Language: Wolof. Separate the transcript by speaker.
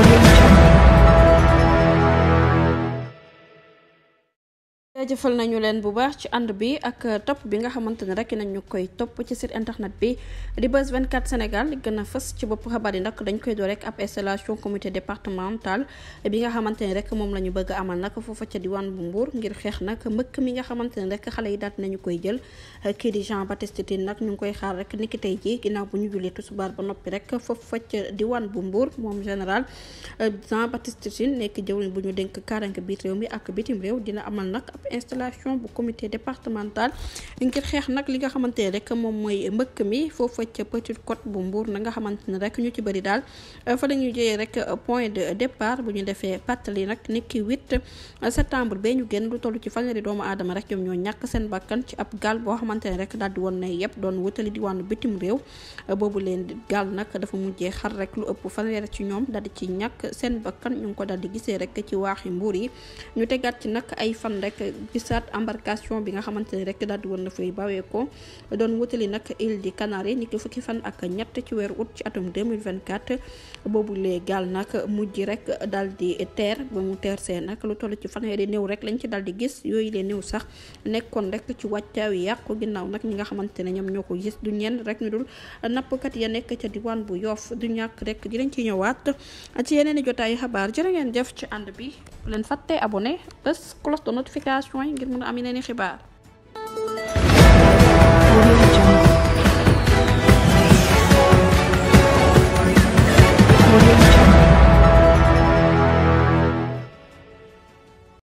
Speaker 1: audio jaajëfal nañu leen bu baax ci ànd bi ak topp bi nga xamante ne rek nañu koy topp ci site internet bi di Buzz 24 Sénégal li gën a fës ci bopp xabaar yi nag dañ koy door rek ab installation comité départemental bi nga xamante ne rek moom la ñu bëgg amal nag foofa ca diwaan bu Mbour ngir nag mbëkk mi nga xamante ne rek xale yi daal nañu koy jël kii di Jean Baptiste Tine nag ñu ngi koy xaar rek niki tey jii ginnaaw bu ñu jullee tisbaar ba noppi rek foofa ca diwaan bu Mbour moom général euh, Jean Baptiste Tine nekk jëwriñ bu ñu dénk kaaraange biir réew mi ak bitim réew dina amal nag installation bu commité départemental ngir xeex nag li nga xamante ne rek moom mooy mbëkk mi foofa ca Petite Côte bu mbuur na nga xamante ne rek ñu ci bari daal euh, fa la ñuy jëlee rek euh, point de départ bu ñu defee pàttali nag niki 8 septembre bee ñu génn lu toll ci fan fanweeri doomu aadama rek ñoom ñoo ñàkk seen bakkan ci ab gaal boo xamante ne rek daal di woon na yëpp doon wutali diwaanu bitim réew euh, boobu leen gaal nag dafa mujjee xar rek lu ëpp fanweer ci ñoom daal di ci ñàkk seen bakkan ñu ngi ko daal di gisee rek ci waaxi mbuur yi ñu tegaat ci fan rek gisaat embarcation bi nga xamante ni rek daal di woon na fay bawee ko doon wutali nag île di Canaries ni ki fukki fan ak ñett ci weeru août ci atum 2024 boobu lee gaal nag mujj rek daal di teer ba mu teer see nag lu toll ci fan fanweeri néew rek lañ ci daal di gis yooyu lee néew sax nekkoon rek ci wàccaaw yàqu ginnaaw nag ñi nga xamante ne ñoom ñoo ko gis du ñenn rek ñu napp kat ya nekk ca diwaan bu yoof du ñàkk rek dinañ ci ñëwaat ci yeneen i jotaayu xabaar jërë ngeen jëf ci ànd bi leen fàtte abonné bés cloche de notification notification yi ngir mun a am yeneen